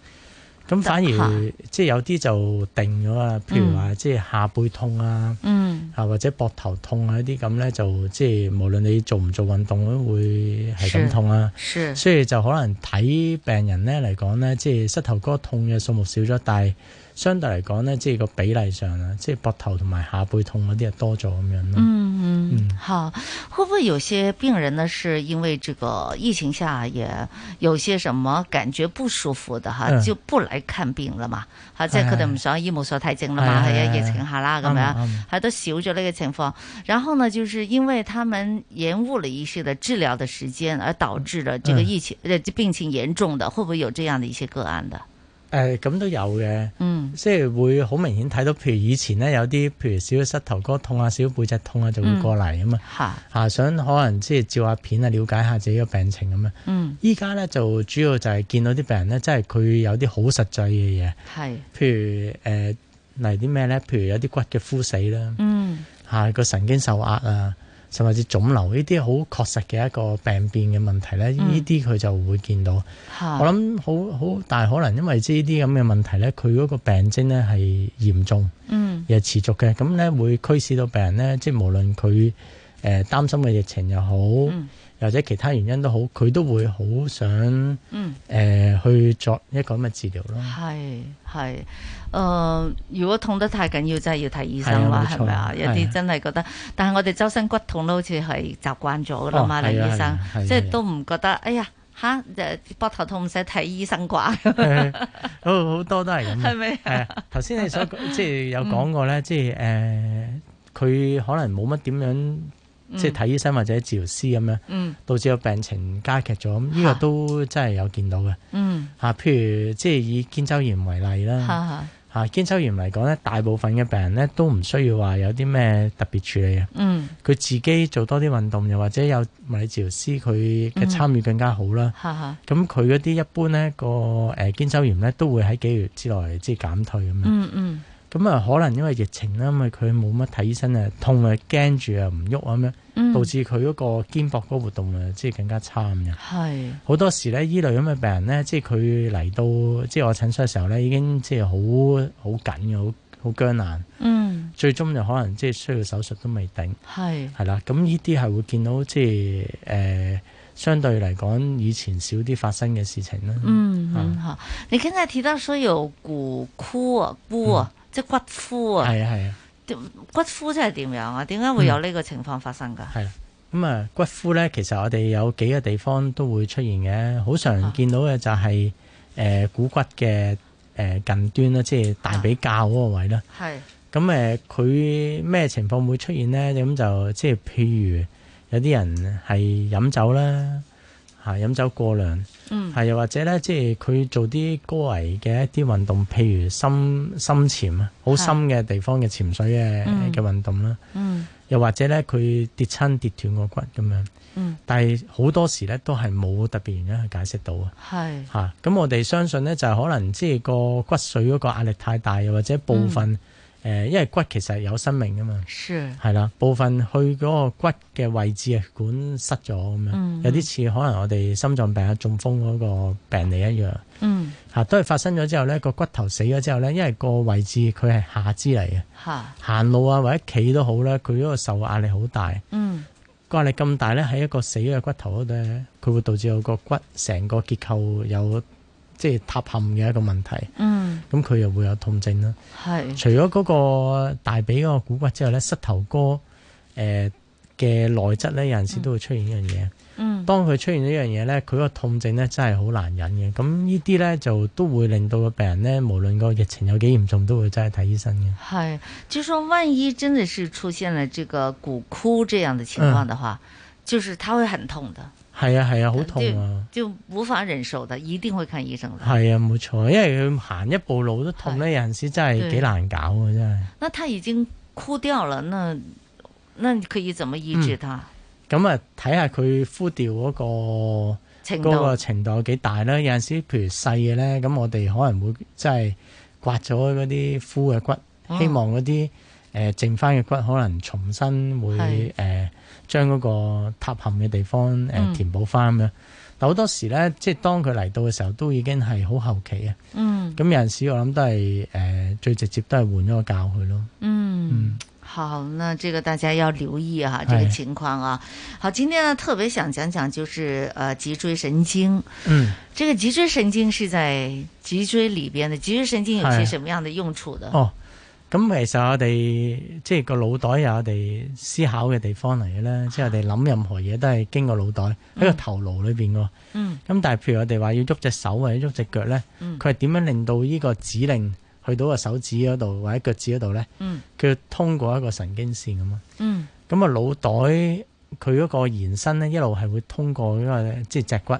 咁反而、嗯、即係有啲就定咗啊，譬如話即係下背痛啊，啊、嗯、或者膊頭痛啊啲咁咧，就即係無論你做唔做運動都會係咁痛啊，所以就可能睇病人咧嚟講咧，即係膝頭哥痛嘅數目少咗，但係，相對來講呢即係個比例上啊，即係膊頭同埋下背痛嗰啲啊多咗咁樣咯。嗯嗯，嗯好，會唔會有些病人呢？是因為這個疫情下也有些什麼感覺不舒服的哈，嗯、就不來看病了嘛？哈、哎呀，在可能上唔想醫務所太情了嘛，係、哎、呀疫情下啦咁、嗯、樣，係、嗯、都少咗呢個情況。然後呢，就是因為他們延誤了一些的治療的時間，而導致了這個疫情誒、嗯、病情嚴重的，會唔會有這樣的一些個案的？誒咁、呃、都有嘅，嗯，即係會好明顯睇到，譬如以前咧有啲，譬如少少膝頭哥痛啊，少少背脊痛啊，就會過嚟啊嘛，嗯呃，想可能即係照下片啊，了解下自己嘅病情咁啊樣。嗯，依家咧就主要就係見到啲病人咧，即係佢有啲好實際嘅嘢，係是，譬如誒嚟啲咩咧？譬如有啲骨嘅枯死啦，嗯，嚇個、啊、神經受壓啊。甚至係腫瘤呢啲好確實嘅一個病變嘅問題呢，呢啲佢就會見到。啊、我諗好好，但係可能因為呢啲咁嘅問題呢，佢嗰個病徵呢係嚴重，又、嗯、持續嘅，咁呢會驅使到病人呢，即係無論佢誒、呃、擔心嘅疫情又好，嗯或者其他原因都好，佢都會好想誒去作一個咁嘅治療咯。係係，誒如果痛得太緊要，真係要睇醫生啦，係咪啊？有啲真係覺得，但係我哋周身骨痛都好似係習慣咗噶啦嘛，梁醫生，即係都唔覺得。哎呀，嚇誒膊頭痛唔使睇醫生啩？好多都係咁，係咪？係頭先你所即係有講過咧，即係誒佢可能冇乜點樣。即係睇醫生或者治療師咁樣，嗯、導致個病情加劇咗，呢、嗯、個都真係有見到嘅。嚇、嗯啊，譬如即係以肩周炎為例啦，嚇、嗯，嗯、肩周炎嚟講咧，大部分嘅病人咧都唔需要話有啲咩特別處理啊。嗯，佢自己做多啲運動又或者有物理治療師佢嘅參與更加好啦。嚇，咁佢嗰啲一般咧個誒肩周炎咧都會喺幾月之內即係減退咁樣、嗯。嗯嗯。咁啊，可能因為疫情啦，因為佢冇乜睇醫生啊，痛啊驚住啊唔喐咁樣導致佢嗰個肩膊嗰個活動啊，即係更加差咁樣。係好多時咧，依類咁嘅病人咧，即係佢嚟到即係我診所嘅時候咧，已經即係好好緊嘅，好好艱難。嗯，最終就可能即係需要手術都未定。係係啦，咁呢啲係會見到即係誒、呃，相對嚟講以前少啲發生嘅事情啦、嗯。嗯，好的，你剛才提到說有骨枯，骨枯啊嗯即係骨枯啊！係啊係啊，啊、嗯、啊！骨枯即係點樣啊？點解會有呢個情況發生噶？係啦，咁啊骨枯咧，其實我哋有幾個地方都會出現嘅。好常見到嘅就係誒股骨嘅誒、呃、近端啦，即係大髀較嗰個位啦。係咁誒，佢咩、啊呃、情況會出現咧？咁就即係譬如有啲人係飲酒啦。嚇飲酒過量，係、嗯、又或者咧，即係佢做啲高危嘅一啲運動，譬如深深潛啊，好深嘅地方嘅潛水嘅嘅運動啦。嗯，動嗯又或者咧，佢跌親跌斷個骨咁樣。嗯，但係好多時咧都係冇特別原因去解釋到啊。咁係我哋相信咧就係可能即係個骨髓嗰個壓力太大，又或者部分、嗯。誒，因為骨其實有生命噶嘛，係啦是，部分去嗰個骨嘅位置血管塞咗咁樣，有啲似可能我哋心臟病啊、中風嗰個病理一樣，嚇、嗯啊、都係發生咗之後咧，個骨頭死咗之後咧，因為個位置佢係下肢嚟嘅，行是路啊或者企都好啦，佢嗰個受壓力好大，壓、嗯、力咁大咧，喺一個死嘅骨頭咧，佢會導致嗰個骨成個結構有，即係塌陷嘅一個問題，咁佢、嗯、又會有痛症啦。係是除咗嗰個大髀嗰個骨骨之外咧，膝頭哥誒嘅內側咧，有陣時都會出現一樣嘢，嗯。嗯，當佢出現呢樣嘢咧，佢個痛症咧真係好難忍嘅。咁呢啲咧就都會令到個病人咧，無論個疫情有幾嚴重，都會真係睇醫生嘅。係，就說萬一真的是出現了這個骨枯這樣的情況的話，嗯，就是他會很痛的。係啊係啊，好、啊、痛啊就，就無法忍受的，一定會看醫生的。係啊，冇錯，因為佢行一步路都痛咧，是有陣時真係幾難搞啊！對真係的。那他已經枯掉了，那那可以怎麼醫治他？咁啊、嗯，睇下佢枯掉嗰、那個嗰度個程度有幾大啦。有陣時譬如細嘅咧，咁我哋可能會即係刮咗嗰啲枯嘅骨，嗯、希望嗰啲誒剩翻嘅骨可能重新會誒。是呃將嗰個塌陷嘅地方誒、呃、填補翻咁樣，嗯、但好多時咧，即、就、係、是、當佢嚟到嘅時候都已經係好後期啊。嗯，咁有陣時我諗都係誒、呃、最直接都係換咗個教佢咯。嗯，好，那這個大家要留意啊，這個情況啊。是好，今天呢特別想講講，就是、呃、脊椎神經。嗯，這個脊椎神經是在脊椎裏邊的，脊椎神經有些什麼樣的用處的？咁其實我哋即係個腦袋有我哋思考嘅地方嚟嘅咧，即係、啊、我哋諗任何嘢都係經過腦袋喺、嗯、個頭顱裏面㗎。嗯，咁但係譬如我哋話要喐隻手或者喐隻腳咧，佢係點、嗯、樣令到依個指令去到個手指嗰度或者腳趾嗰度咧？嗯，佢通過一個神經線咁啊。嗯，咁啊腦袋佢嗰個延伸咧，一路係會通過嗰個即係、就是、脊骨。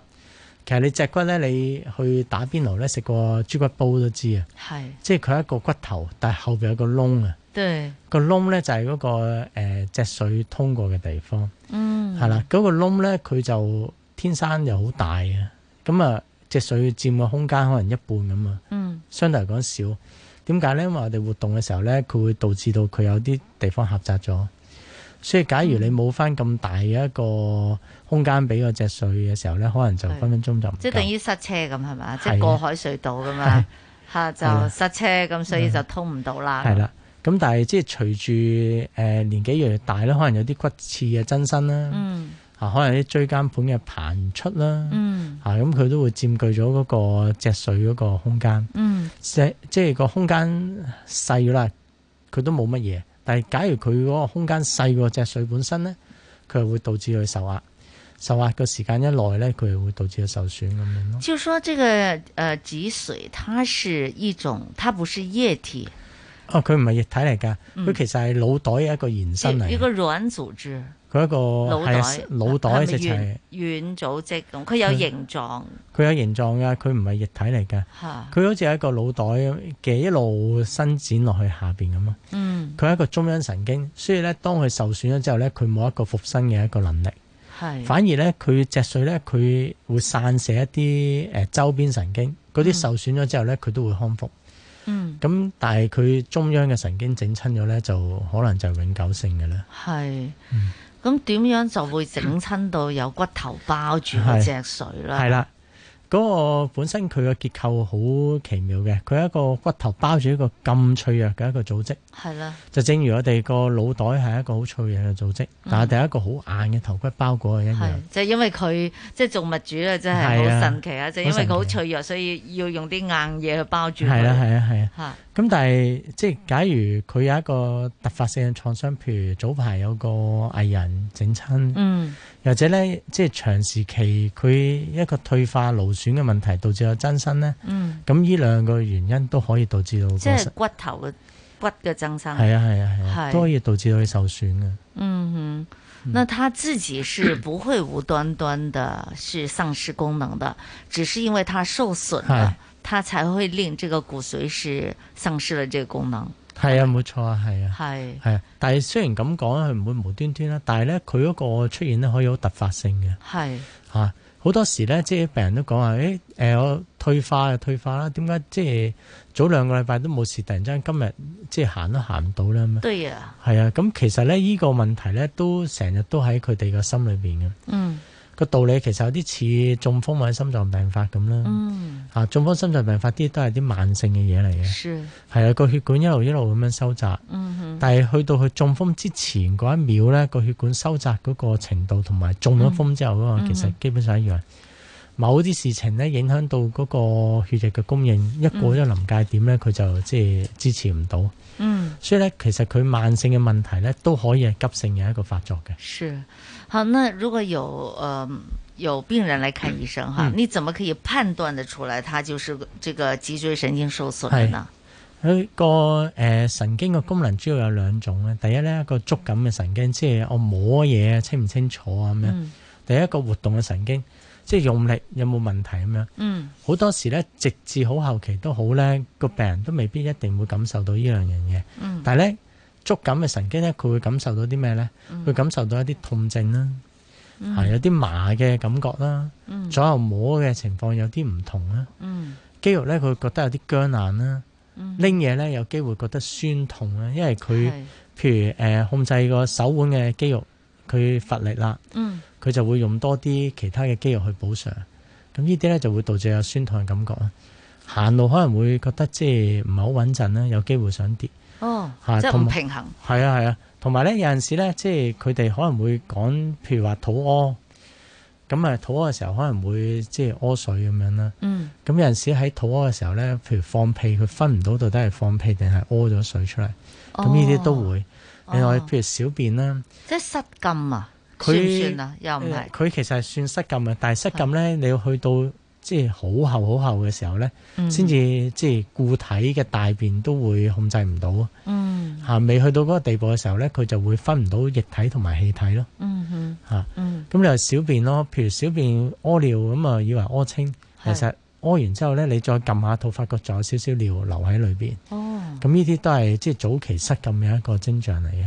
其實你脊骨咧，你去打邊爐咧食過豬骨煲都知啊，是即係佢一個骨頭，但係後邊有一個窿啊，對呢就是那個窿咧，就係嗰個誒脊髓通過嘅地方，係啦、嗯，嗰、那個窿咧佢就天生又好大啊，咁、嗯、啊脊髓佔嘅空間可能一半咁啊，嗯、相對嚟講少，點解咧？因為我哋活動嘅時候咧，佢會導致到佢有啲地方狹窄咗。所以，假如你冇翻咁大嘅一個空間俾個脊髓嘅時候咧，嗯、可能就分分鐘就即係、就是、等於塞車咁係、啊、咪？即係過海隧道咁樣啊，嚇、啊、就塞車咁，啊、所以就通唔到啦。係啦、啊，咁、啊啊樣啊、但係即係隨住誒年紀越嚟越大咧，可能有啲骨刺嘅增生啦，嚇、嗯啊、可能啲椎間盤嘅膨出啦，嚇、咁佢都會佔據咗嗰個脊髓嗰個空間，嗯、即即係個空間細咗啦，佢都冇乜嘢。但假如佢個空間細過脊髓本身咧，佢係會導致佢受壓，受壓個時間一耐咧，佢係會導致佢受損咁樣咯。就是說這個誒脊髓，它是一種，它不是液體。哦，佢唔係液體嚟噶，佢、嗯、其實係腦袋嘅一個延伸嚟。一個軟組織，佢一個腦袋，腦袋直情軟組織，佢有形狀。佢有形狀噶，佢唔係液體嚟噶。吓，佢好似係一個腦袋嘅一路伸展落去下邊咁啊。嗯，佢係一個中央神經，所以咧，當佢受損咗之後咧，佢冇一個復生嘅一個能力。係是，反而咧，佢脊髓咧，佢會散射一啲誒周邊神經，嗰啲受損咗之後咧，佢、嗯、都會康復。嗯，咁但係佢中央嘅神經整親咗咧，就可能就永久性嘅咧。係，嗯，咁點樣就會整親到有骨頭包住嗰隻髓啦？係啦。嗰個本身佢嘅結構好奇妙嘅，佢係一個骨頭包住一個咁脆弱嘅一個組織，係啦的。就正如我哋個腦袋係一個好脆弱嘅組織，嗯、但係第一個好硬嘅頭骨包裹係一樣。即係因為佢即係做物主咧，真係好神奇啊！即的因為佢好脆弱，所以要用啲硬嘢去包住。係啦，係啊，係啊。咁但係即係假如佢有一個突發性嘅創傷，譬如早排有個藝人整親。嗯又或者咧，即係長時期佢一個退化勞損嘅問題，導致有增生咧。嗯。咁呢兩個原因都可以導致到即係骨頭嘅骨嘅增生。係啊，係啊，係啊，啊啊是都可以導致到佢受損嘅。嗯，哼，那他自己是不會無端端的，是喪失功能的，嗯、只是因為他受損了，是他才會令這個骨髓是喪失了這個功能。係啊，冇錯啊，係啊，係係啊，啊，但係雖然咁講，佢唔會無端端啦，但係咧佢嗰個出現咧可以好突發性嘅，係吓好多時咧，即係病人都講話，誒、欸，誒、呃，我退化啊，退化啦，點解即係早兩個禮拜都冇事，突然之間今日即係行都行唔到啦，咁樣，對啊，係啊，咁其實咧呢、呢個問題咧都成日都喺佢哋嘅心裏邊嘅。嗯。個道理其實有啲似中風或者心臟病發咁啦，啊、嗯、中風、心臟病發啲都係啲慢性嘅嘢嚟嘅，係啊，個血管一路一路咁樣收窄，嗯、哼但係去到佢中風之前嗰一秒呢，個血管收窄嗰個程度同埋中咗風之後嗰個，嗯、其實基本上一樣。嗯、哼某啲事情呢，影響到嗰個血液嘅供應，嗯、一過咗臨界點呢，佢就即係支持唔到。嗯，所以呢，其實佢慢性嘅問題呢，都可以係急性嘅一個發作嘅。是好，那如果有、呃，有病人來看醫生，哈、嗯，你怎麼可以判斷得出來，他就是這個脊椎神經受損呢？佢個誒神經嘅功能主要有兩種咧，第一呢，一個觸感嘅神經，即係我、哦、摸嘢清唔清楚啊咁樣，嗯、第一,一個活動嘅神經，即係用力有冇問題咁樣。嗯，好多時咧，直至好後期都好咧，個病人都未必一定會感受到呢兩樣嘢。嗯，但係咧。觸感嘅神經咧，佢會感受到啲咩咧？佢、嗯、感受到一啲痛症啦，係、嗯、有啲麻嘅感覺啦，嗯、左右摸嘅情況有啲唔同啦，嗯、肌肉咧佢覺得有啲僵硬啦，拎嘢咧有機會覺得酸痛啦，嗯、因為佢是譬如誒、呃、控制個手腕嘅肌肉佢乏力啦，佢、嗯、就會用多啲其他嘅肌肉去補償，咁呢啲咧就會導致有酸痛嘅感覺啦。行路可能會覺得即係唔係好穩陣啦，有機會想跌。哦，即係唔平衡。係啊係啊，同埋咧，有陣時咧，即係佢哋可能會講，譬如話肚屙，咁啊肚屙嘅時候可能會即係屙水咁樣啦。嗯，咁有陣時喺肚屙嘅時候咧，譬如放屁，佢分唔到到底係放屁定係屙咗水出嚟，咁呢啲都會。另外、哦，你譬如小便啦，即係失禁啊，佢它算唔算啊？又唔係，佢其實係算失禁啊，但係失禁咧，的你要去到。即係好厚好厚嘅時候呢，先至、嗯、哼即係固體嘅大便都會控制唔到。嗯，嚇、啊、未去到嗰個地步嘅時候呢，佢就會分唔到液體同埋氣體咯。嗯哼，嚇、啊，咁你話小便咯，譬如小便屙尿咁啊，以為屙清，其實屙完之後呢，你再撳下肚，發覺仲有少少尿留喺裏邊。哦，咁呢啲都係即係早期失禁嘅一個徵象嚟嘅。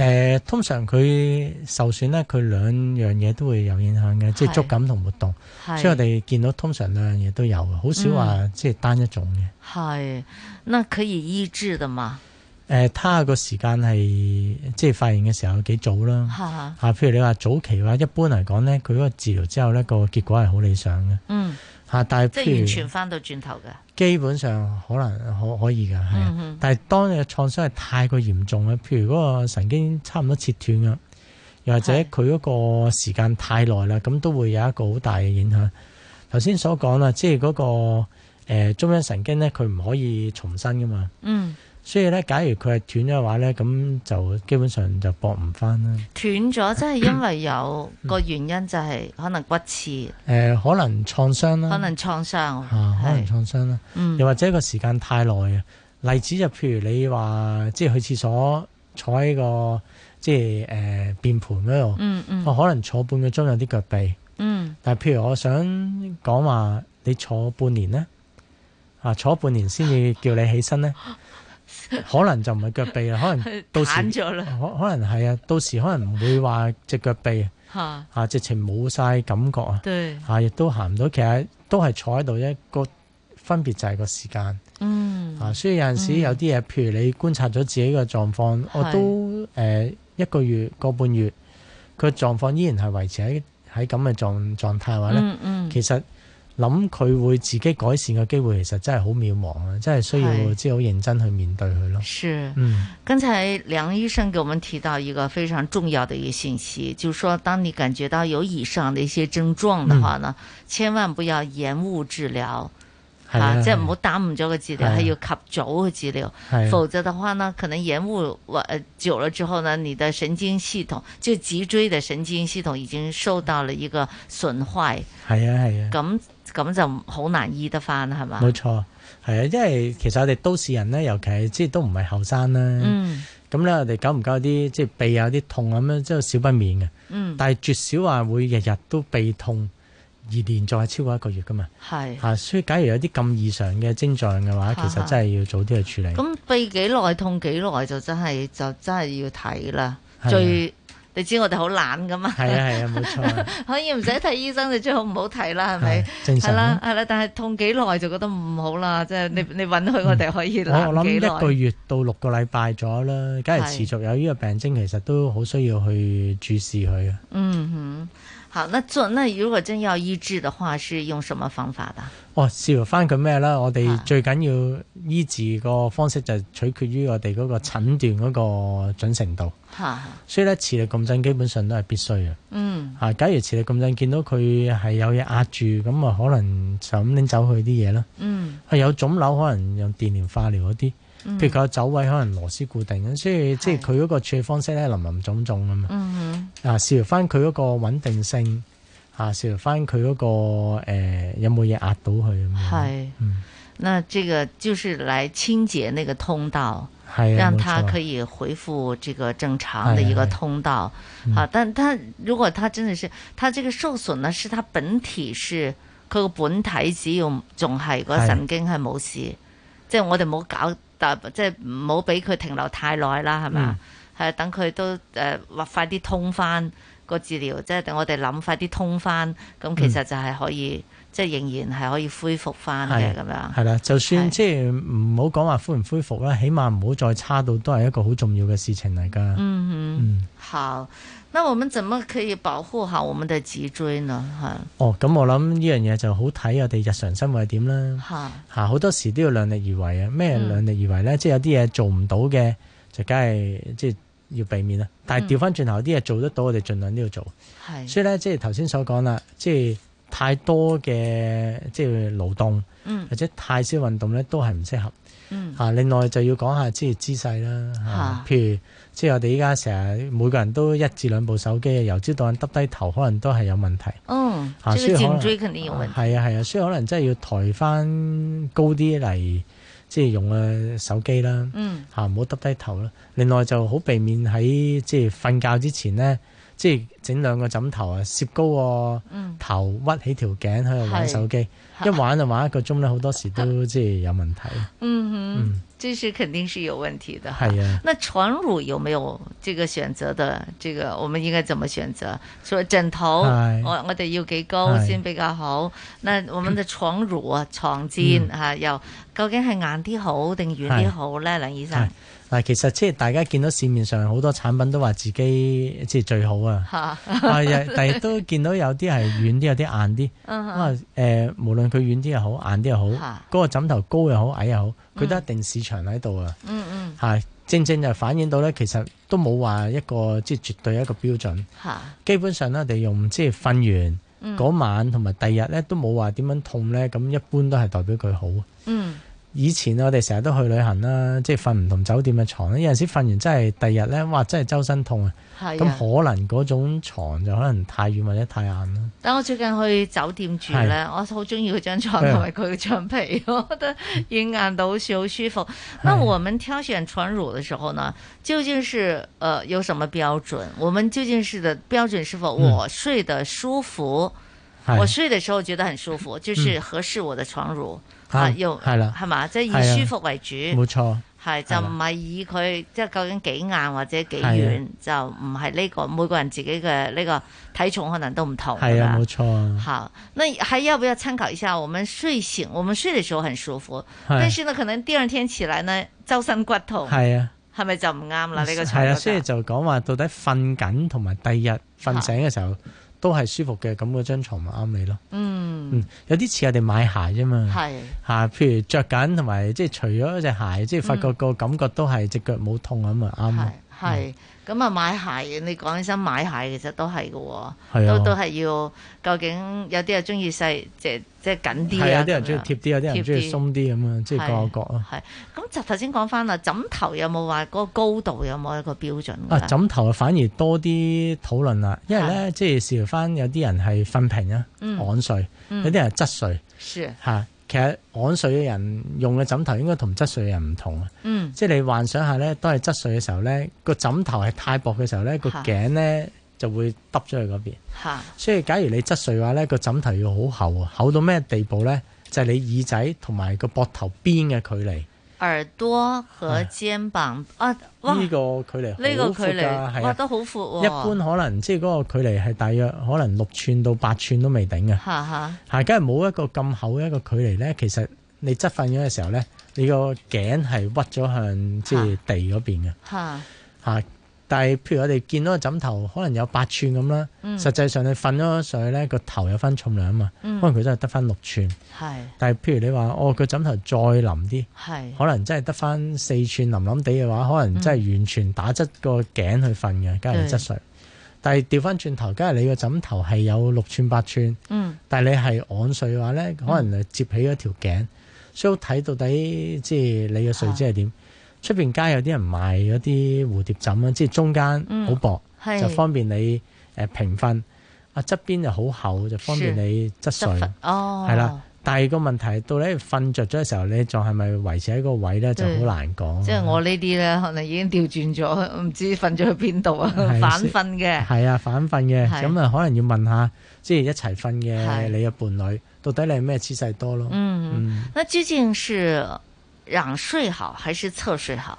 誒、呃、通常佢受損咧，佢兩樣嘢都會有影響嘅，是即係觸感同活動。是所以我哋見到通常兩樣嘢都有，好少話即係單一種嘅。係、嗯，那可以醫治的嘛？誒、呃，佢個時間係即係發現嘅時候幾早啦。嚇、啊、譬如你話早期話，一般嚟講咧，佢嗰個治療之後咧，個結果係好理想嘅。嗯。吓！但係即係完全翻到轉頭嘅，基本上可能可可以嘅，係、嗯哼。但係當你嘅創傷係太過嚴重咧，譬如嗰個神經差唔多切斷啊，又或者佢嗰個時間太耐啦，咁都會有一個好大嘅影響。頭先所講啦，即係嗰個誒，中央神經咧，佢唔可以重生噶嘛。嗯。所以咧，假如佢係斷咗嘅話咧，咁就基本上就搏唔翻啦。斷咗真係因為有個原因，就係可能骨刺，可能創傷啦，可能創傷可能創傷啦。嗯、啊，是又或者個時間太耐啊。例子就譬如你話，即係去廁所坐喺個即係誒、呃、便盤嗰度，嗯，嗯嗯，我可能坐半個鐘有啲腳痹。嗯，但係譬如我想講話，你坐半年咧，啊，坐半年先至叫你起身咧。 (coughs) (laughs) 可能就唔係腳痹啦，可能到咗啦了。可可能係啊，到時可能唔會話隻腳痹吓，直情冇晒感覺對啊，亦都行唔到。其實都係坐喺度，一個分別就係個時間。嗯，啊，所以有陣時候有啲嘢，嗯、譬如你觀察咗自己個狀況，嗯、我都誒、呃、一個月個半月，佢狀況依然係維持喺喺咁嘅狀狀態嘅話咧，呢嗯嗯其實。諗佢會自己改善嘅機會，其實真係好渺茫啊！真係需要即係好認真去面對佢咯。是，嗯，剛才梁醫生給我們提到一個非常重要的一個信息，就是說，當你感覺到有以上的一些症狀的話呢，嗯、千萬不要延誤治療，啊，即係唔好耽誤咗個治療，係要、啊、及早嘅治療，啊、否則的話呢，可能延誤或、呃、久了之後呢，你的神經系統，就脊椎的神經系統已經受到了一個損壞。係啊係啊，咁、啊。咁就好難醫得翻啦，係嘛？冇錯，係啊，因為其實我哋都市人咧，尤其係即係都唔係後生啦。嗯，咁咧我哋久唔久有啲即係背有啲痛咁樣，即係少、就是、不免嘅。嗯，但係絕少話會日日都背痛而連續係超過一個月噶嘛。係。的所以假如有啲咁異常嘅徵象嘅話，的其實真係要早啲去處理。咁、啊、背幾耐痛幾耐就真係就真係要睇啦。的最你知我哋好懶噶嘛？係啊係啊，冇、啊、錯。 (laughs) 可以唔使睇醫生，你、嗯、最好唔好睇啦，係咪是？吧正常。係啦係啦，但係痛幾耐就覺得唔好啦，即係、嗯、你你允許我哋可以耐幾耐？我諗一個月到六個禮拜咗啦，梗係持續有呢個病徵，其實都好需要去注視佢。嗯好，那做那如果真要醫治嘅話，是用什麼方法的？哦，治療翻佢咩啦？我哋是最緊要醫治個方式就係取決於我哋嗰個診斷嗰個準繩度。嗯吓，啊、所以咧，磁力共振基本上都係必須嘅。嗯，假如磁力共振見到佢係有嘢壓住，咁啊可能就咁拎走去啲嘢啦。嗯，有腫瘤可能用電療、化療嗰啲，譬如佢有走位可能螺絲固定，所以、嗯、即係佢嗰個處理方式咧，林林總總噶嘛。嗯哼，啊，視乎翻佢嗰個穩定性，啊，視乎翻佢嗰個誒、呃、有冇嘢壓到佢咁樣。係、嗯，嗯，那這個就是來清潔那個通道。讓他可以回復這個正常的一個通道。好，但係如果他真的是，他這個受損呢，是他本體是佢個本體，只要仲係個神經係冇事，是的即係我哋冇搞，但係即係冇俾佢停留太耐啦，係咪啊？係、嗯、等佢都誒，或快啲通翻。個治療即係等我哋諗快啲通翻，咁其實就係可以，嗯、即係仍然係可以恢復翻嘅，咁樣。係啦，就算的即係唔好講話恢唔恢復啦，的起碼唔好再差到，都係一個好重要嘅事情嚟噶。嗯哼嗯，好。那我們怎麼可以保護好我們的脊椎呢？吓哦，咁我諗呢樣嘢就好睇我哋日常生活係點啦。吓吓的，啊，好多時都要量力而為啊。咩量力而為咧、嗯？即係有啲嘢做唔到嘅，就梗係即係。要避免啦，但係調翻轉頭啲嘢做得到，我哋儘量都要做。係是，所以咧即係頭先所講啦，即係太多嘅即係勞動，嗯，或者太少運動咧都係唔適合。嗯，啊，另外就要講下即係姿勢啦，啊，啊譬如即係我哋依家成日每個人都一至兩部手機，由朝到晚耷低頭，可能都係有問題。嗯、哦，啊，這個 所以可能，頸椎肯定有問題？係啊係啊，啊，啊，所以可能真係要抬翻高啲嚟。即係用誒手機啦，嗯，嚇唔好耷低頭啦。另外就好避免喺即係瞓覺之前咧，即係整兩個枕頭啊，攝高個頭，嗯、屈起條頸喺度玩手機，是一玩就玩一個鐘咧，好多時都即係有問題。是嗯哼。嗯這是肯定是有問題的。啊啊、那床褥有沒有這個選擇的？這個我們應該怎麼選擇？說枕頭，是我我哋要幾高是先比較好？那我們的床褥，嗯、啊、床墊啊，又究竟係硬啲好定軟啲好呢？梁醫生。藍藍但其實即係大家見到市面上好多產品都話自己即係最好啊，係，但係都見到有啲係軟啲，有啲硬啲。啊，誒，無論佢軟啲又好，硬啲又好，嗰 (laughs) 個枕頭高又好，矮又好，佢都一定市場喺度啊。嗯嗯，嚇，正正就反映到咧，其實都冇話一個即係絕對一個標準。 (laughs) (laughs) (laughs) 基本上咧，我哋用即係瞓完嗰 (laughs) (laughs) 晚同埋第二日咧，都冇話點樣痛咧，咁一般都係代表佢好。嗯。 (laughs) (laughs) (laughs) 以前我哋成日都去旅行啦，即係瞓唔同酒店嘅床，有陣時瞓完真係第二日咧，哇！真係周身痛啊。係咁呀、嗯、可能嗰種床就可能太軟或者太硬啦。但我最近去酒店住咧，呀我好中意佢張床同埋佢嘅床皮，我覺得軟硬度好似好舒服。呀那我們挑選床褥嘅時候呢，究竟是、呃、有什麼標準？我們究竟是的、呃、標，標準是否我睡得舒服？呀我睡的時候覺得很舒服，就是合適我的床褥。啊，用係啦，係嘛，即係以舒服為主，冇錯，係就唔係以佢即係究竟幾硬或者幾軟，就唔係呢個每個人自己嘅呢個體重可能都唔同，係啊，冇錯。好，那還要不要參考一下？我們睡醒，我們睡嘅時候很舒服，但係可能第二天起來呢，周身骨痛。係啊，係咪就唔啱啦？呢個係啊，所以就講話到底瞓緊同埋第二日瞓醒嘅時候。都係舒服嘅，咁嗰張牀咪啱你咯。嗯，嗯，有啲似我哋買鞋啫嘛。係吓是，譬、啊、如着緊同埋即係除咗隻鞋，嗯、即係發覺個感覺都係隻腳冇痛咁咪啱啊。咁啊，買鞋，你講起身買鞋，其實係，係都係嘅喎，都都係要究竟有啲人鍾意細即即緊啲啊，有啲人鍾意貼啲，有啲人鍾意鬆啲咁啊，即係各各啊。係，咁就頭先講返啦，枕頭有冇話嗰個高度有冇一個標準啊？枕頭反而多啲討論啦，因為咧即係視乎返有啲人係瞓平啊，仰睡，嗯、有啲人側睡，嚇。其實仰睡嘅人用嘅枕頭應該同側睡嘅人唔同啊，嗯，即係你幻想下咧，都係側睡嘅時候咧，個枕頭係太薄嘅時候咧，個頸咧就會揼咗去嗰邊，嗯、所以假如你側睡嘅話咧，個枕頭要好厚啊，厚到咩地步咧？就係你耳仔同埋個膊頭邊嘅距離。耳朵和肩膀的啊，呢個距離呢個距離，哇都好的闊，哦，一般可能即係嗰個距離係大約可能六寸到八寸都未頂嘅，吓吓吓，梗係冇一個咁厚嘅一個距離咧，其實你側瞓咗嘅時候咧，你個頸係屈咗向即係地嗰邊嘅，吓吓哈。但係，譬如我哋見到個枕頭可能有八吋咁啦，嗯、實際上你瞓咗上去咧，個頭有返重量啊嘛，嗯、可能佢真係得翻六吋。是但係譬如你話哦，個枕頭再腍啲，是可能真係得翻四吋，腍腍地嘅話，可能真係完全打側個頸去瞓嘅，梗係側睡。但係調翻轉頭，梗係你個枕頭係有六吋八吋，吋嗯、但係你係按睡嘅話咧，可能摺起咗條頸，所以睇到底即係你嘅睡姿係點？啊。出邊街有啲人賣嗰啲蝴蝶枕啊，即係中間好薄，就方便你誒平瞓。啊側邊就好厚，就方便你側睡。哦，係啦。第二個問題，到你瞓着咗嘅時候，你仲係咪維持喺個位咧，就好難講。即係我呢啲咧，可能已經調轉咗，唔知瞓咗去邊度啊？反瞓嘅。係啊，反瞓嘅，咁啊，可能要問下，即係一齊瞓嘅你嘅伴侶，到底你係咩姿勢多咯？嗯，那究竟是？仰睡好還是側睡好？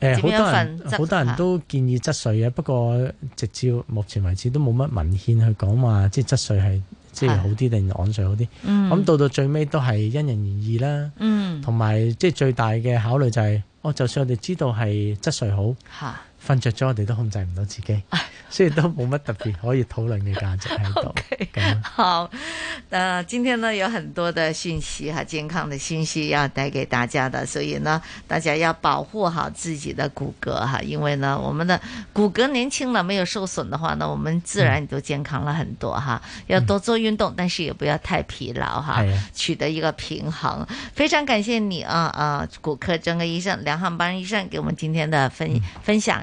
誒、呃，好多人好邊多人都建議側睡嘅，啊、不過直至目前為止都冇乜文獻去講話，即係側睡係即係好啲定、啊、仰睡好啲。嗯，咁到到最尾都係因人而異啦。嗯，同埋即係最大嘅考慮就係、是，哦，就算我哋知道係側睡好，吓、啊。瞓着咗我哋都控制唔到自己，所以都冇乜特別可以討論嘅價值喺度。 (laughs) okay, 樣好，那今天呢有很多的信息哈，健康的信息要帶給大家的，所以呢，大家要保護好自己的骨骼哈，因為呢，我們的骨骼年輕了，沒有受損的話，呢，我們自然也都健康了很多哈。嗯、要多做運動，但是也不要太疲勞哈，嗯、取得一個平衡。的非常感謝你啊啊、嗯嗯，骨科專科醫生梁漢邦醫生，醫生給我們今天的分、嗯、分享。